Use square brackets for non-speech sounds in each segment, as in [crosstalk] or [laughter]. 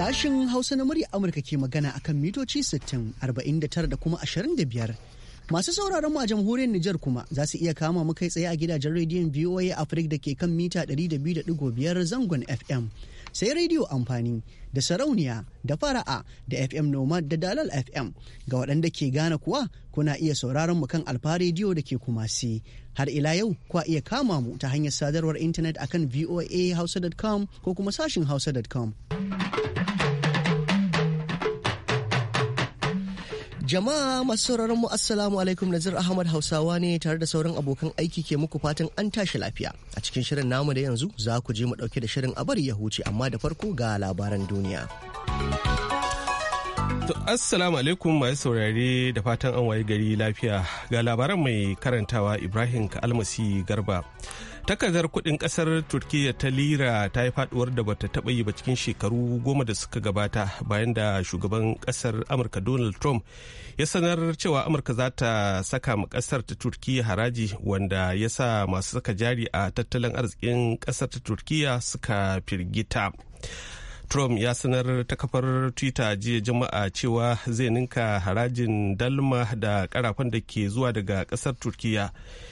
Sashen Hausa na murya Amurka ke magana akan mitoci 60, 49 da kuma 25. Masu sauraron mu a jamhuriyar Nijar kuma za su iya kama mu kai tsaye a gidajen rediyon VOA Africa da ke kan mita 200.5 zangon FM. sai rediyo amfani da sarauniya da fara'a da fm nomad da dalal fm ga waɗanda ke gane kuwa kuna iya sauraron mu kan alfa rediyo da ke kumasi har ila yau kuwa iya kama mu ta hanyar sadarwar intanet akan voa hausa.com ko kuma sashin hausa.com Jama'a masu sauraron mu Assalamu alaikum Nazir Ahmad Hausawa ne tare da sauran abokan aiki ke muku fatan an tashi lafiya. A cikin shirin namu da yanzu za ku je mu dauke da shirin a bari ya huce amma da farko ga labaran duniya. To assalamu alaikum masu saurare da fatan an waye gari lafiya ga labaran mai karantawa Ibrahim Almasi Garba. Takardar kuɗin ƙasar Turkiyya ta lira ta yi faduwar da bata taɓa yi ba cikin shekaru goma da suka gabata bayan da shugaban ƙasar Amurka Donald Trump ya sanar cewa Amurka za ta saka ma ƙasar ta Turkiyya haraji wanda ya sa masu saka jari a tattalin arzikin ƙasar ta Turkiyya suka firgita. Trump ya sanar ta kafar Twitter jiya jama'a cewa zai ninka harajin dalma da karafan da ke zuwa daga kasar turkiyya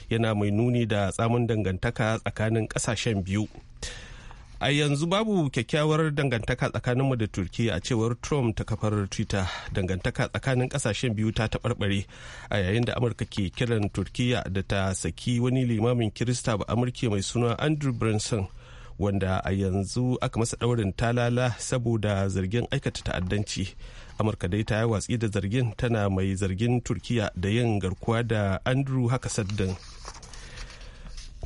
yana mai nuni da tsamin dangantaka tsakanin kasashen biyu. A yanzu babu kyakkyawar dangantaka tsakaninmu da turkiyya a cewar Trump ta kafar Twitter dangantaka tsakanin kasashen biyu ta taɓarɓare a yayin da Amurka ke kiran turkiyya da ta saki wani limamin Kirista ba Amurka mai suna Andrew Branson. wanda a yanzu aka masa ɗaurin talala saboda zargin aikata ta'addanci amurka dai ta yi watsi da zargin tana mai zargin turkiya da yin garkuwa da andrew haka saddin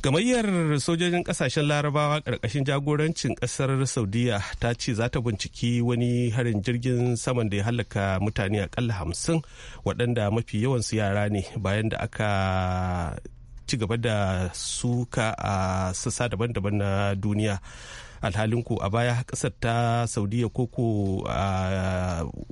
gamayyar sojojin kasashen larabawa karkashin jagorancin kasar saudiya ta ce za ta binciki wani harin jirgin saman da ya halaka mutane akalla hamsin waɗanda mafi yawansu yara ne bayan da aka ci gaba da suka a sassa daban-daban na duniya alhalin a baya kasar ta saudiya koko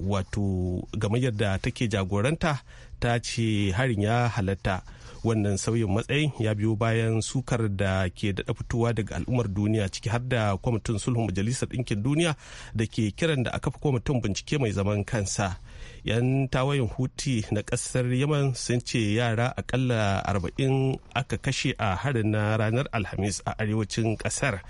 wato gamayyar da take jagoranta ta ce harin ya halatta wannan sauyin matsayin ya biyo bayan sukar da ke daɗa fitowa daga al'ummar duniya ciki har da kwamitin sulhun majalisar ɗinkin duniya da ke kiran da aka fi kwamitin bincike mai zaman kansa 'yan tawayin huti na kasar yaman sun ce yara akalla arba'in aka kashe a harin na ranar alhamis a arewacin kasar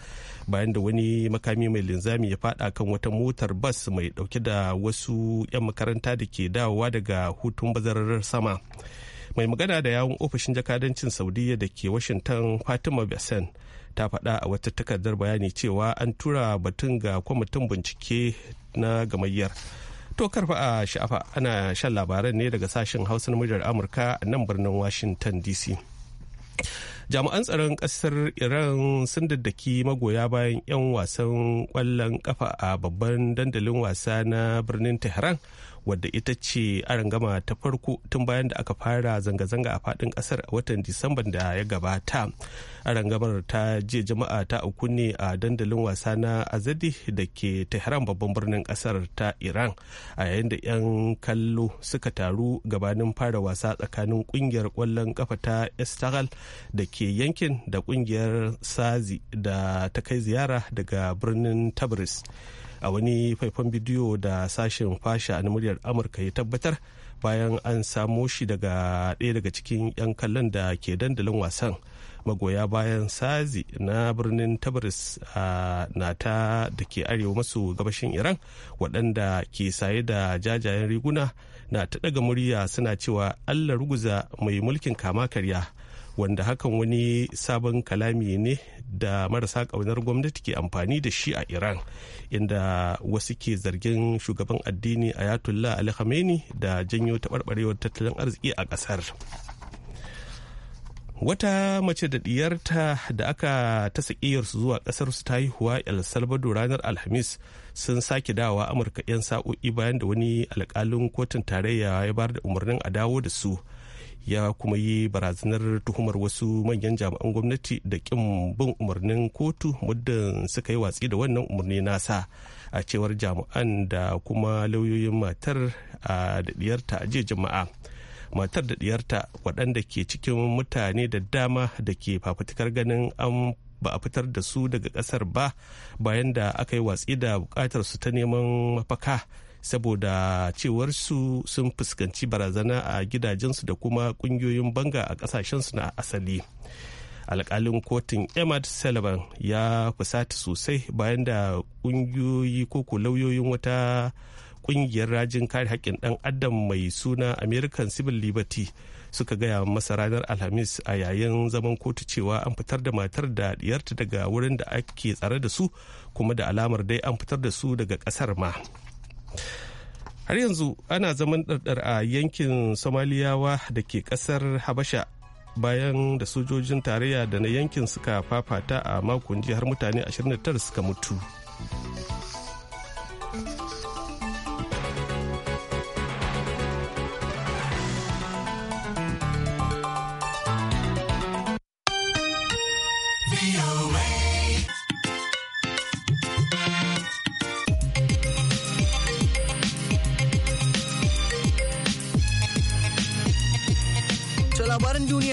bayan da wani makami mai linzami ya fada kan wata motar bas mai dauke da wasu 'yan makaranta da ke dawowa daga hutun bazarar sama mai magana da yawun ofishin jakadancin saudiya da ke washington fatima besen ta faɗa a wata takardar bayani cewa an tura batun ga kwamitin bincike na gamayyar To karfa a sha'afa ana shan labaran ne daga sashen hausa na muryar Amurka a nan birnin Washington DC. Jami'an tsaron kasar Iran sun daddaki magoya bayan 'yan wasan kwallon kafa a babban dandalin wasa na birnin Tehran wadda ita ce arangama ta farko tun bayan da aka fara zanga-zanga a fadin kasar a watan disamban da ya gabata arangamar ta je jama'a ta auku ne a dandalin wasa na azadi da ke tehran babban birnin kasar ta iran a yayin da 'yan kallo suka taru gabanin fara wasa tsakanin kungiyar kwallon kafa ta istanbul da ke yankin da kungiyar sazi da ta kai ziyara daga birnin tabris a wani faifan bidiyo da sashen fasha na muryar amurka ya tabbatar bayan an samo shi daga ɗaya daga cikin 'yan kallon da ke dandalin wasan magoya bayan sazi na birnin tabaris na ta da ke arewa maso gabashin iran waɗanda ke saye da jajayen riguna na ta ɗaga murya suna cewa allah ruguza mai mulkin kama karya wanda hakan wani sabon kalami ne da marasa ƙaunar gwamnati ke amfani da shi a iran inda wasu ke zargin shugaban addini ayatollah ali khamenei da janyo taɓarɓarewar tattalin arziki a ƙasar wata mace da diyarta da aka ta su zuwa kasar su ta haihuwa el salvador ranar alhamis sun sake dawa amurka 'yan sa'o'i bayan da wani alkalin kotun tarayya ya bayar da umarnin a dawo da su ya kuma yi barazanar tuhumar wasu manyan jami'an gwamnati da kin bin umarnin kotu muddin suka yi watsi da wannan umarni nasa a cewar jami'an da kuma lauyoyin matar da diyarta a jiya jama'a matar da diyarta waɗanda ke cikin mutane da dama da ke fafutukar ganin an ba a fitar da su daga ƙasar ba bayan da aka yi watsi da buƙatar su ta neman mafaka saboda cewar su sun fuskanci barazana a gidajensu da kuma kungiyoyin banga a kasashensu na asali alkalin kotun emad sullivan ya fusata sosai bayan da kungiyoyi ko lauyoyin wata kungiyar rajin kare haƙƙin ɗan adam mai suna american civil liberty suka gaya masa ranar alhamis a yayin zaman kotu cewa an fitar da matar da diyarta daga wurin da ake tsare da su kuma da alamar dai an fitar da su daga ƙasar ma har yanzu ana zaman ɗarɗar a yankin somaliyawa da ke ƙasar habasha bayan da sojojin tarayya da na yankin suka fafata a makon jiya har mutane 29 suka mutu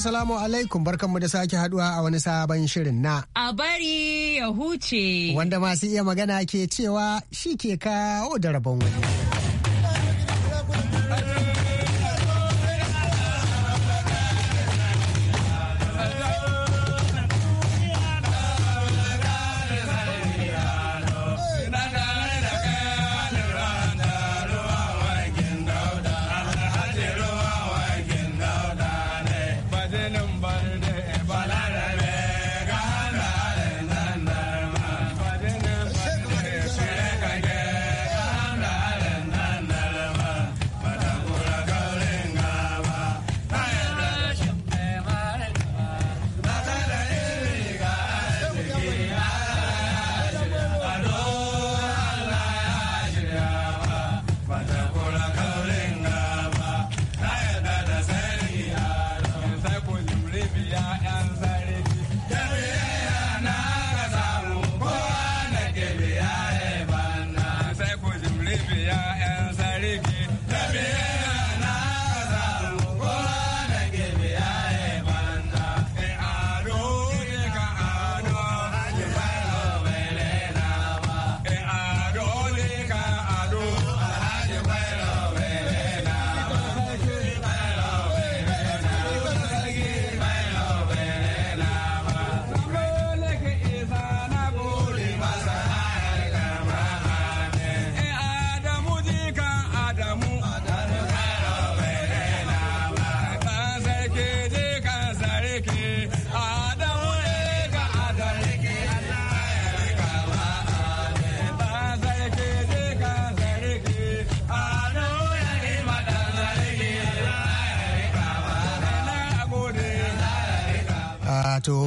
Assalamu alaikum barkanmu da sake haduwa a wani sabon shirin na. A bari ya huce. Wanda masu iya magana ke cewa shi ke kawo da rabon wani.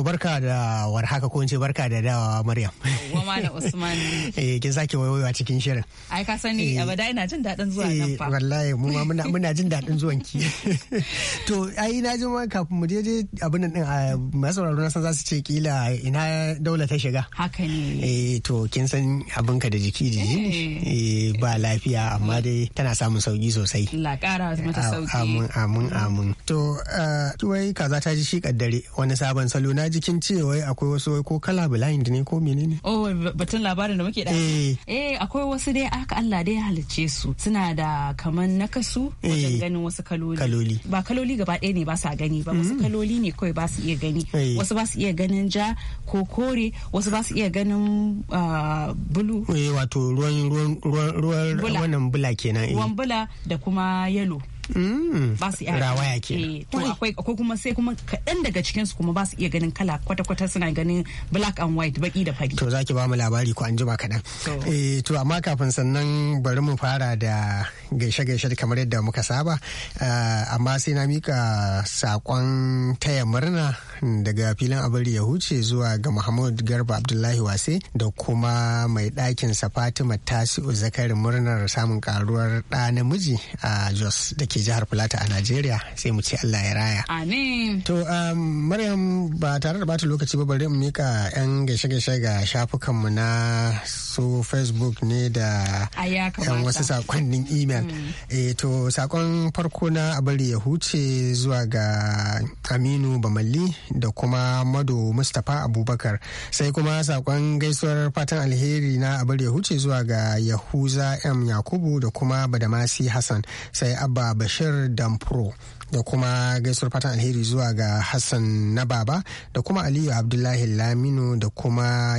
barka da warhaka ko in ce barka da dawa Maryam. Wama da Usman. [laughs] Eh kin sake wayoyi cikin shirin. Ai ka sani eh. abada ina jin daɗin zuwa nan fa. Eh, wallahi mu ma muna muna jin daɗin zuwan ki. [laughs] To ai na ji ma kafin mu je je abin nan din a masauraro na san za su ce kila ina daula ta shiga. Haka ne. Eh to kin san abin ka da jiki ji. Eh. eh ba lafiya amma dai tana samun sauki sosai. La kara mata sauki. Amin amin amin. To eh, tuwai kaza ta ji shi kaddare wani sabon salo na jikin cewa akwai wasu ko kala blind ne ko menene? Oh batun labarin da muke da. Eh, eh akwai wasu dai aka Allah dai halicce su suna da kaman nakasu eh. wajen ganin wasu kaloli. Kaloli. Ba kaloli gaba ɗaya ne ba sa gani ba wasu mm. kaloli ne kawai ba su iya gani. Wasu ba su iya ganin ja ko kore wasu ba su iya ganin ah, bulu. Eh wato ruwan ruwan ruwan wannan bula kenan. Ruwan bula da kuma yalo. Mm. ba su iya rawaya ke eh, akwai ko kuma sai kuma kaɗan daga cikin su kuma ba su iya ganin kala kwata-kwata suna ganin black and white baki da fari to zaki ba mu labari ko an jima kaɗan eh to amma kafin sannan bari mu fara da gaishe-gaishe kamar yadda muka saba ah, amma sai na mika sakon taya murna daga filin abari ya huce zuwa ga Muhammad Garba Abdullahi Wase da kuma mai ɗakin sa Fatima Tasi'u Zakari murnar samun karuwar ɗa namiji a Jos da ke jihar Filata a Najeriya sai mu ce Allah ya raya. Amin. To um, Maryam ba tare da bata lokaci ba bari mu mika 'yan gaishe-gaishe ga shafukanmu na su Facebook ne da 'yan wasu sakonnin email. Hmm. Eh, to sakon farko na abari ya huce zuwa ga Aminu Bamalli da kuma mado mustapha abubakar sai kuma sakon gaisuwar fatan alheri na abar ya huce zuwa ga yahuza m yakubu da kuma badamasi hassan sai abba bashir damfuro da kuma gaisuwar fatan alheri zuwa ga hassan na baba da kuma aliyu abdullahi laminu da kuma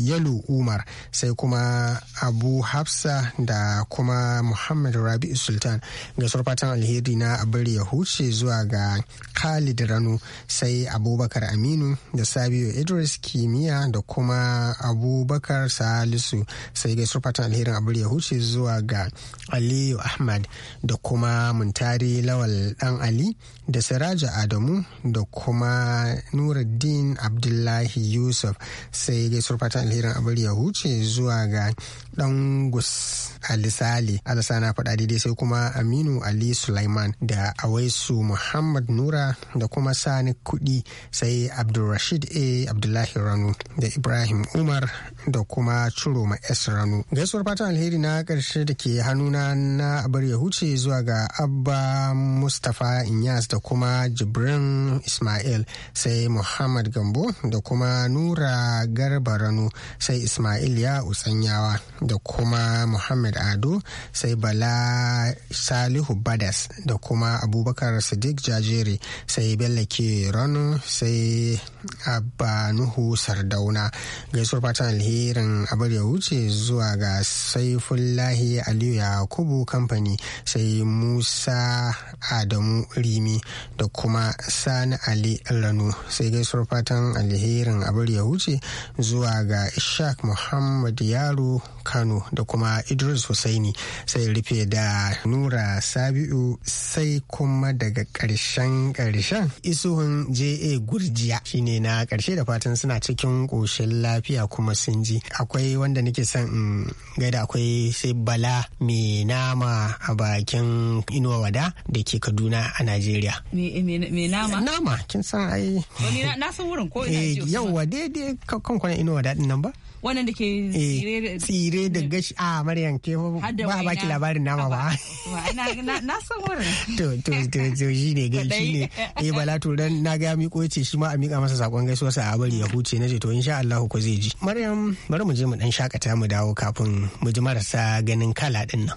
yalu umar sai kuma abu hafsa da kuma muhammad rabi'u sultan gaisuwar fatan alheri na abin ya huce zuwa ga khalid rano sai abubakar aminu da sabiu idris kimiyya da kuma abubakar salisu sai gaisuwar fatan alherin abin ya huce zuwa ga aliyu ahmad da kuma muntari lawal dan Imran Ali da Siraja Adamu da kuma Nuruddin Abdullahi Yusuf sai gaisuwar fatan alherin abar ya huce zuwa ga dan gus ali sale faɗa daidai sai kuma aminu ali sulaiman da awaisu muhammad nura da kuma sani kuɗi sai abdulrashid a abdullahi ranu da ibrahim umar da kuma Churoma S ranu. Gaisuwar fatan alheri na karshe da ke hannuna na abar ya huce zuwa ga Abba Mustapha Inyas da kuma Jibrin Ismail sai Muhammad Gambo da kuma Nura Garba ranu sai Ismail ya Usanyawa da kuma muhammad ado sai bala salihu badas da kuma abubakar sadiq jajere sai bello ke sai abba nuhu sardauna gaisuwar fatan alherin abar ya wuce zuwa ga saifullahi aliyu yakubu kamfani sai musa adamu rimi da kuma sani ali El-Ranu. sai gaisuwar fatan alherin abar ya wuce zuwa ga ishaq muhammad yaro kano da kuma idris husaini sai rufe da nura sabi'u sai kuma daga ƙarshen ƙarshen isuhun ja gurjiya shine ne na karshe da fatan suna cikin ƙoshin lafiya kuma sun ji akwai wanda nake son in gaida akwai sai bala mai nama a bakin inuwa wada da ke kaduna a najeriya mai nama nama kin san ai na san wurin ko ina eh, yauwa daidai kan kwanan inuwa wada din nan ba wannan da ke eh, tsire da gashi ah, a maryan ke ba baki labarin nama ba na san wurin [laughs] to to to to shi ne gai shi ne eh bala to dan na ga mi ce shi ma a mika masa sakon gaisuwa sa a bari ya huce naje to insha Allah ko zai ji maryam bari mu je mu dan shakata mu dawo kafin mu ji marasa ganin kala din nan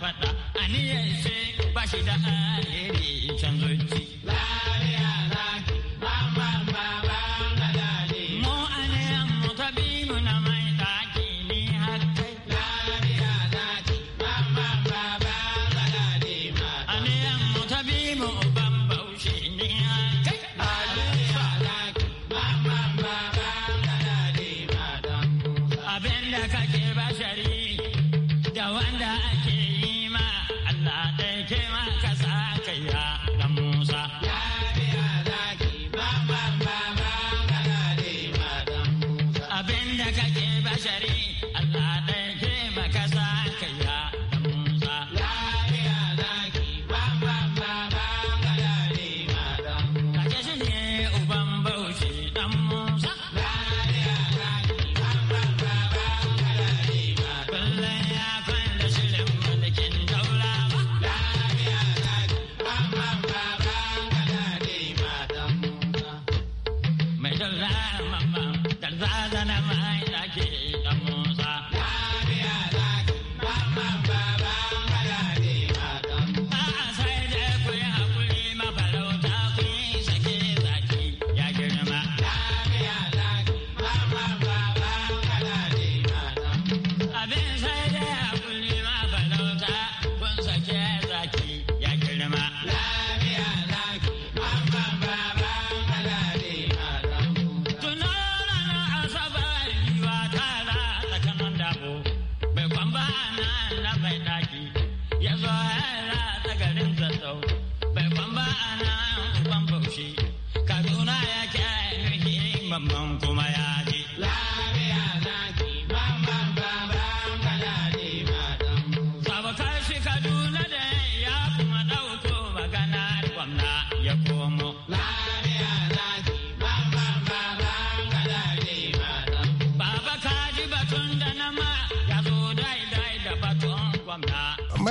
faɗa aniyar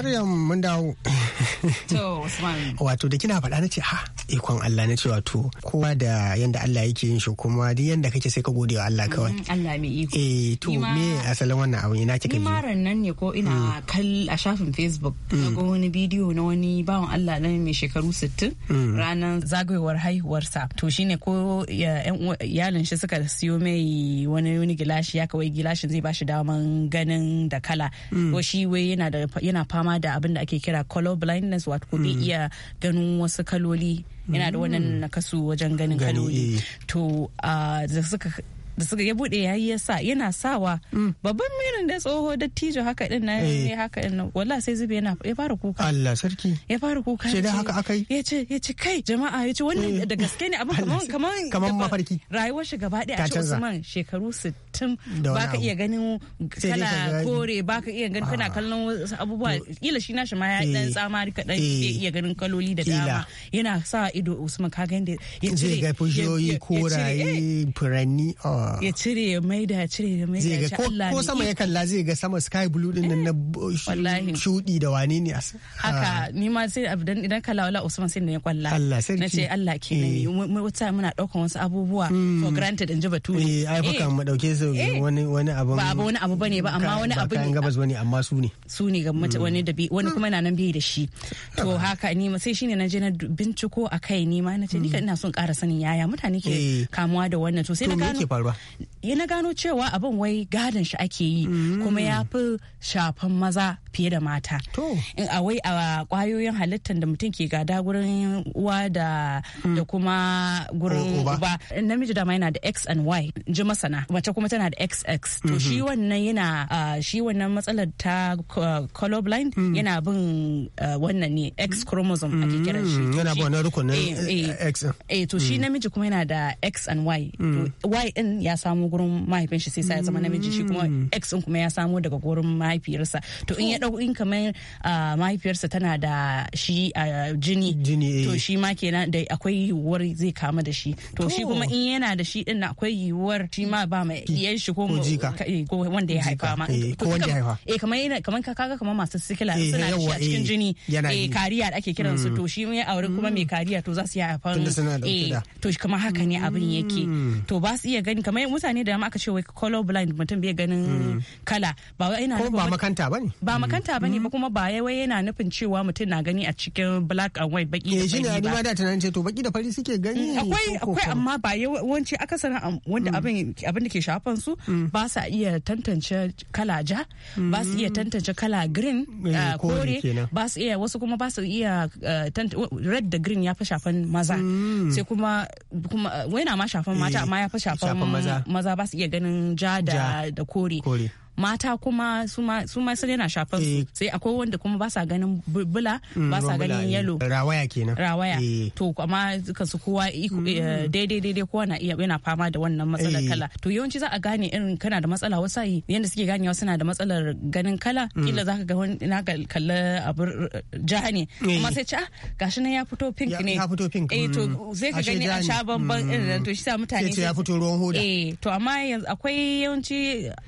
Maryam mun dawo. [laughs] To Usman. Wato da kina faɗa na ce ha ikon Allah na cewa to kowa da yanda Allah yake yin shi kuma duk yanda kake sai ka gode wa Allah kawai mm, Allah mai iko eh to me asalin wannan abu ina kika ji maran nan ne ko ina mm. kal a shafin Facebook mm. ga wani bidiyo na wani bawan Allah nan mai shekaru 60 ranar zagayowar haihuwarsa to shine ko iyalin shi suka siyo mai wani wani gilashi ya kawai gilashin zai bashi daman ganin da kala ko shi wai yana fama da abin da ake kira color blindness wato bai iya ganin wasu kaloli yana da wannan mm. nakasu wajen ganin kaloli eh. to ah, suka da suka ya bude yayi ya sa yana sawa mm. babban mirin da tsoho dattijo haka din na eh. ne haka din walla sai zube yana ya fara kuka Allah sarki ya fara kuka sai da haka akai ya ce ya ce kai jama'a ya ce wannan eh. da gaske ne abin kamar [laughs] kamar kamar mafarki rayuwar shi gaba daya a ce Usman shekaru 60 baka iya ganin kana kore baka iya ganin kana ah. kallon abubuwa kila shi nashi ma ya dan eh. tsamari kadan iya ganin kaloli da dama yana sa ido Usman ka ga yadda ya ce ya koraye furanni ah. ya cire ya maida ya cire ya maida ya ci Allah ko sama ya kalla zai ga sama sky blue din nan na eh, shudi da wani ne haka ah. ni ma sai abdan idan kalla wala Usman sai na ya kwalla Allah sai na ce Allah ke ne eh. mu wata muna daukan wasu abubuwa hmm. for granted in ji bature eh ai baka eh. mu dauke su wani wani abu ba abu wani abu bane ba amma wani abu ne gabas wani amma su ne su ne ga hmm. wani da wani kuma na nan biye da shi to haka ni ma sai shine na je na binciko akai ni ma na ce ni hmm. ina son ƙara sanin yaya mutane ke kamuwa da wannan to sai na gano na gano cewa abin wai gadon shi ake yi mm. kuma ya fi shafan maza fiye da mata in a wai a kwayoyin halittar da mutum ke gada gurin uwa da mm. da kuma gurin uba namiji dama yana da x and y ji masana mace kuma tana da xx to shi mm-hmm. wannan yana shi wannan matsalar ta colorblind mm. yana bin wannan ne x mm. chromosome ake kiran shi yana bin wannan rukunin eh, eh, eh. x eh to shi namiji kuma yana da x and y y din ya samu gurin mahaifin shi sai ya zama namiji shi kuma x din kuma ya samu daga gurin mahaifiyarsa to in ya nau'in kamar ah, mahaifiyarsa tana da shi a ah, jini eh. to shi ma kenan da akwai yiwuwar zai kama da shi to shi kuma in yana da shi din akwai yiwuwar shi ma ba mai yan shi eh, ko wanda ya haifa ma eh, ko wanda ya haifa eh kamar kamar kaga kamar masu sikila suna da shi a cikin jini eh kariya da ake kiran su mm. to shi mai aure kuma mai mm. kariya to za su yi haifan eh to kamar haka ne abin mm. yake to ba su iya gani kamar mutane da aka ce wai color blind mutum bai ganin kala ba wai ina ba makanta bane ba makanta ba ne ba kuma ba yawai yana nufin cewa mutum na gani a cikin black and white baki da eh, fari ba. Eh ni ma da tunanin ce to baki da fari suke gani. Mm, akwai akwai amma ba yawanci akasarin wanda mm. abin abin da ke shafan su mm. ba sa iya tantance kala ja ba su iya tantance kala green eh, ah, kore ba su iya wasu kuma ba su iya eh, red da green ya fi shafan maza sai kuma kuma wai na ma shafan mata amma ya fi shafan maza ba su iya ganin ja da kore. mata kuma su ma sun yana shafar su eh. sai akwai wanda kuma ba sa ganin bula mm, ba sa ganin yalo eh, rawaya kenan rawaya eh. to amma duka su kowa mm. daidai daidai kowa na iya yana fama da wannan matsalar kala to yawanci za a gane irin kana da matsala wasa yi yanda suke ganewa suna da matsalar ganin kala mm. kila zaka ga wani na kalla abu ja ne amma sai ci ah, gashi nan ya fito pink ne ya fito pink eh to sai ka gani a sha bamban irin to shi sa mutane sai ya fito ruwan hoda eh to amma yanzu akwai yawanci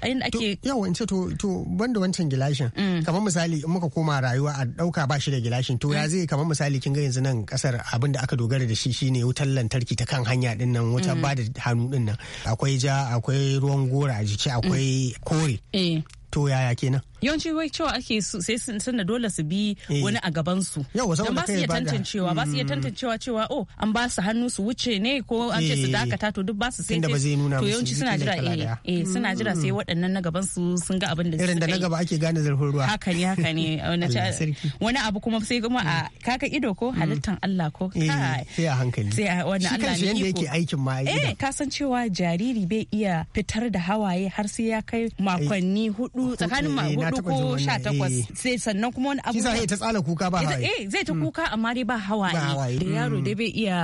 inda ake yawo in ce to to banda wancan gilashin mm. kamar misali in muka koma rayuwa a dauka ba shi da gilashin to ya mm. zai kamar misali kin ga yanzu nan kasar abin da aka dogara da shi shine wutar lantarki ta kan hanya din nan wata mm. ba da hannu din nan akwai ja akwai ruwan gora a jiki akwai kore eh. to yaya kenan yawanci wai cewa ake sai sun sanna dole su bi eh. wani a gaban su don ba su iya tantancewa ba su iya mm. tantancewa cewa o oh, an ba su hannu su wuce ne ko an ce su eh. dakata to duk ba su sai to yawanci suna jira eh, eh suna jira sai mm. waɗannan na gaban su sun ga abin da su irin da na gaba ake gane zurfin ruwa haka ne haka ne [laughs] wani abu kuma sai kuma a kaka mm. ido ko halittan Allah ko sai a hankali sai a wannan Allah ne yake yake aikin ma eh ka san cewa jariri bai iya fitar da hawaye har sai ya kai makonni hudu tsakanin hudu ko sha takwas eh. sai sannan kuma wani abu kisa ta tsala kuka ba hawaye eh zai ta mm. kuka amma dai ba hawaye da yaro dai mm. bai iya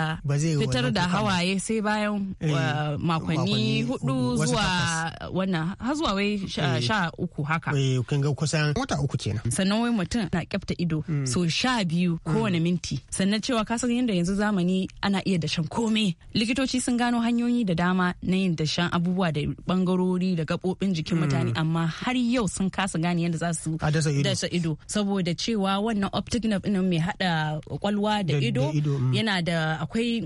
fitar da hawaye sai bayan eh, makonni hudu zuwa wannan har zuwa wai eh. sha uku haka eh kun ga kusan wata uku kenan sannan wai mutum na kyafta ido mm. so sha biyu kowane minti sannan cewa ka san yadda yanzu zamani ana iya dashen komai likitoci sun gano hanyoyi da dama na yin dashen abubuwa da bangarori da gabobin jikin mutane amma har yau sun kasa gane gane yadda za su dasa ido saboda cewa wannan optic nerve ɗin mai hada kwalwa da ido mm. yana da akwai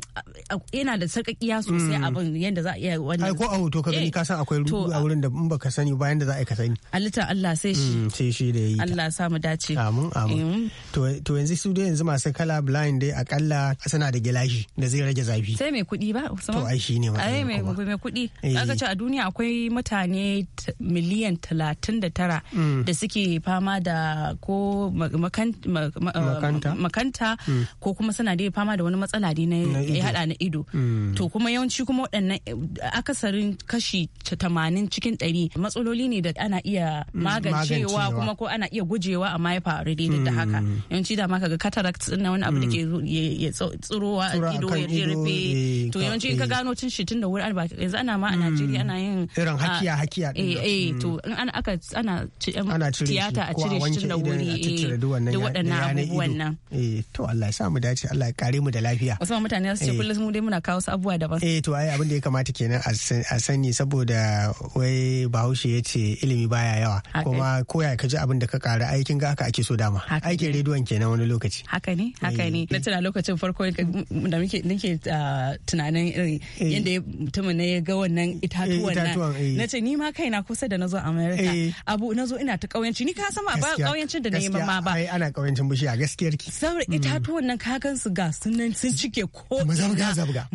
yana da sarƙaƙiya sosai mm. abin yadda za a iya ai ko a hoto ka gani eh, ka san akwai ruɗu a wurin da in baka sani ba yadda za a yi ka sani halitta Allah sai shi mm, sai shi da yi Allah sa mu dace amin amin to yanzu su dai yanzu masu kala blind dai akalla suna da gilashi da zai rage zafi sai mai kuɗi ba to ai shi ne mai kuɗi eh. kaga ce a duniya akwai mutane miliyan talatin da tara Mm. da suke fama da ko uh, makanta mm. ko kuma suna da fama da wani matsala ne na ya hada na ido mm. to kuma yawanci kuma waɗannan eh, akasarin kashi 80 cikin 100 matsaloli ne da ana iya magancewa kuma ko ana iya gujewa a ya faru daidai da haka yawanci da maka ga cataracts din na wani abu da ke tsirowa a ido ya rufe eh, to yawanci ka eh. gano tun shi tun da wuri yanzu ana ma a Najeriya ana yin irin ah, hakiya hakiya eh to in ana aka ana ana tiyata a cire shi tun da wuri eh, da waɗannan abubuwan nan. Eh to Allah ya sa mu dace Allah ya kare mu da lafiya. Wasu mutane su ce eh. kullum mu dai muna kawo su abubuwa daban. Eh to ai abin da ya kamata kenan a sani saboda wai Bahaushe ya ce ilimi baya yawa kuma koya ka ji abin da ka kara aikin ga haka ake so dama. Aikin rediyon kenan wani lokaci. Haka ne haka eh. ne. Na tana lokacin farko da muke nake ah, tunanin irin yadda mutumin ne ya ga wannan itatuwan Na ce ni ma kaina kusa da na zo Amerika. Abu na zo ina ta kauyanci ni ka san ma ba kauyancin da na yi ma ba ai ana kauyancin bishiya gaskiyar ki saboda mm. itatuwan nan ka gan su ga sunan sun cike ko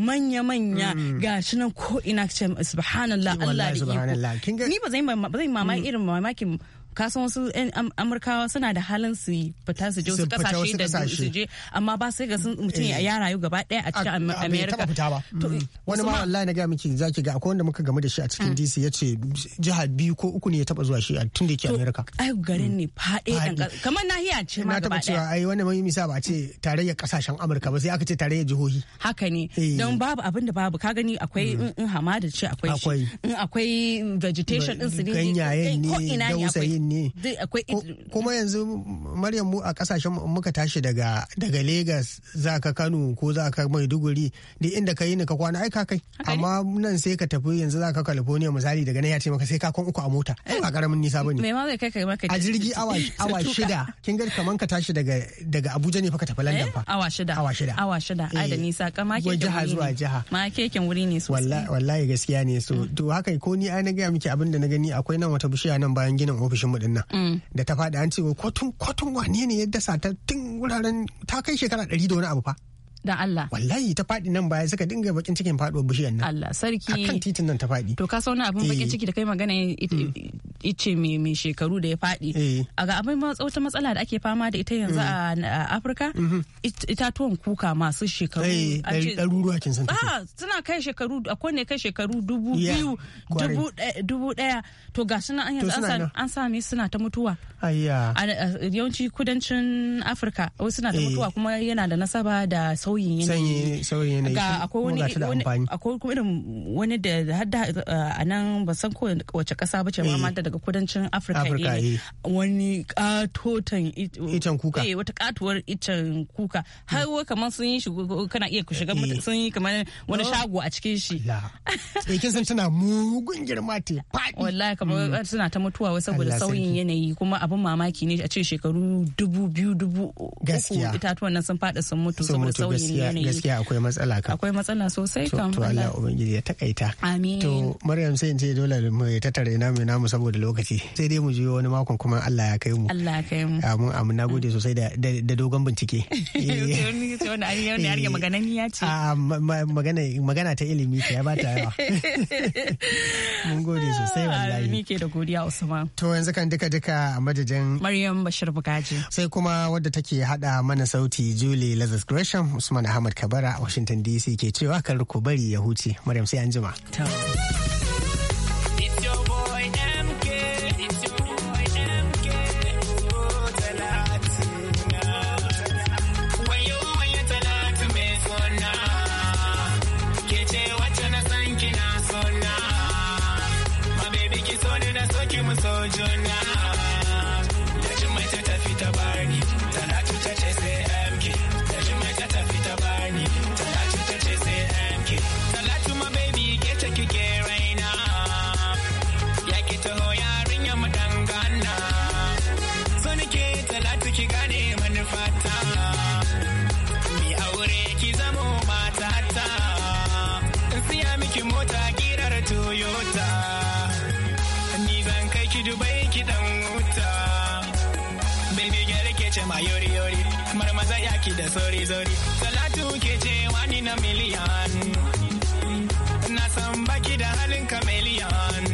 manya manya mm. ga shi nan ko ina ce subhanallah Allah da iko ni ba zan ba zan mamaki mm. irin mamakin kasan wasu yan amurkawa suna da halin su fita su je su kasashe da su je amma ba sai ga mutum ya eh. rayu gaba daya a cikin america mm. eh, wani ma wallahi na ga miki zaki ga akwai wanda muka gamu da shi a cikin mm. dc ya ce jihar biyu ko uku ne ya taba zuwa shi a tun da yake america ai garin ne mm. faɗe kamar nahiya ce ma gaba daya na taba cewa ai wani mai misa ba ce tarayyar kasashen amurka ba sai aka ce tarayyar jihohi haka ne eh. don babu abin da babu ka gani akwai in hamada ce akwai shi in akwai vegetation din su ne ina ne akwai. ne kuma yanzu maryam mu a kasashen muka tashi daga daga Legas za ka Kano ko za ka Maiduguri da inda ka yi ni ka kwana ai ka kai amma nan sai ka tafi yanzu za ka California misali daga nan ya ce maka sai ka kwan uku a mota ba karamin nisa bane me ma zai kai kai maka a jirgi awa [laughs] awa shida kin ga kaman ka tashi daga daga Abuja ne fa ka tafi London eh, fa awa shida awa shida awa shida ai da eh, nisa ma ke jiha zuwa jiha ma keken wuri ne sosai wallahi wallahi gaskiya ne so mm. to haka ko ni ai na ga miki abin da na gani akwai nan wata bishiya nan bayan ginin ofishin mu din nan mm. da ta faɗi an ce kwatun kwatun wane ne ya dasa ta tun wuraren ta kai shekara ɗari da wani abu fa da Allah wallahi ta faɗi nan baya suka dinga bakin cikin faɗuwar bishiyar nan Allah sarki a kan titin nan ta faɗi to ka sauna abin bakin eh. ciki da kai magana hmm. ice mai shekaru da ya faɗi eh. a ga abin wata matsala da ake fama da ita yanzu hmm. a Afirka mm-hmm. itatuwan kuka masu shekaru eh, ɗaruruwa kin san ah, suna kai shekaru a kone kai shekaru dubu biyu dubu ɗaya to ga suna an yanzu an sami suna ta mutuwa yawanci kudancin Afirka wasu suna ta mutuwa kuma yana da nasaba da sau sauyin yanayi sauyin yanayi ga akwai wani da hadda uh, a nan ba san ko wace kasa ma eh. daga kudancin Afirka ne eh. wani katotan itan kuka eh wata katuwar itan kuka har kamar sun yi kana iya shiga eh. sun yi kamar wani oh. shago a cikin shi [laughs] eh sun tana mugun girma te faɗi. wallahi kamar hmm. suna ta mutuwa saboda sauyin yanayi kuma abin mamaki ne a ce shekaru dubu biyu dubu uku itatuwan nan sun faɗi sun mutu saboda sauyin yanayi gaskiya akwai matsala kan akwai matsala sosai kan to Allah ubangiji ya takaita amin to Maryam sai in ce dole mu tattare ina mai namu saboda lokaci sai dai mu je wani makon kuma Allah ya kai mu Allah ya kai mu amin amin gode sosai da da dogon bincike [laughs] eh. ah, magana ta ilimi ta ya ba ta yawa [laughs] mun gode sosai wallahi ni ke da godiya Usman to yanzu kan duka duka a madadin Maryam Bashir bukaji sai kuma wadda take hada mana sauti Julie Lazarus Gresham Usman Usman Ahmad Kabara a Washington DC ke cewa kar ku bari ya huce. Maryam sai an jima. ki da sauri sauri salatu ke ce wani na miliyan na san baki da halin kameliyan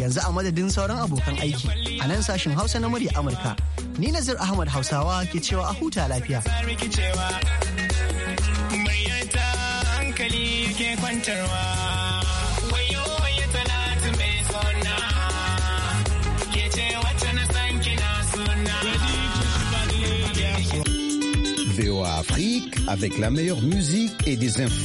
yanzu a madadin sauran abokan aiki a nan sashin hausa na murya amurka ni nazir ahmad hausawa ke cewa a huta lafiya VOA Afrique avec la meilleure musique et des infos.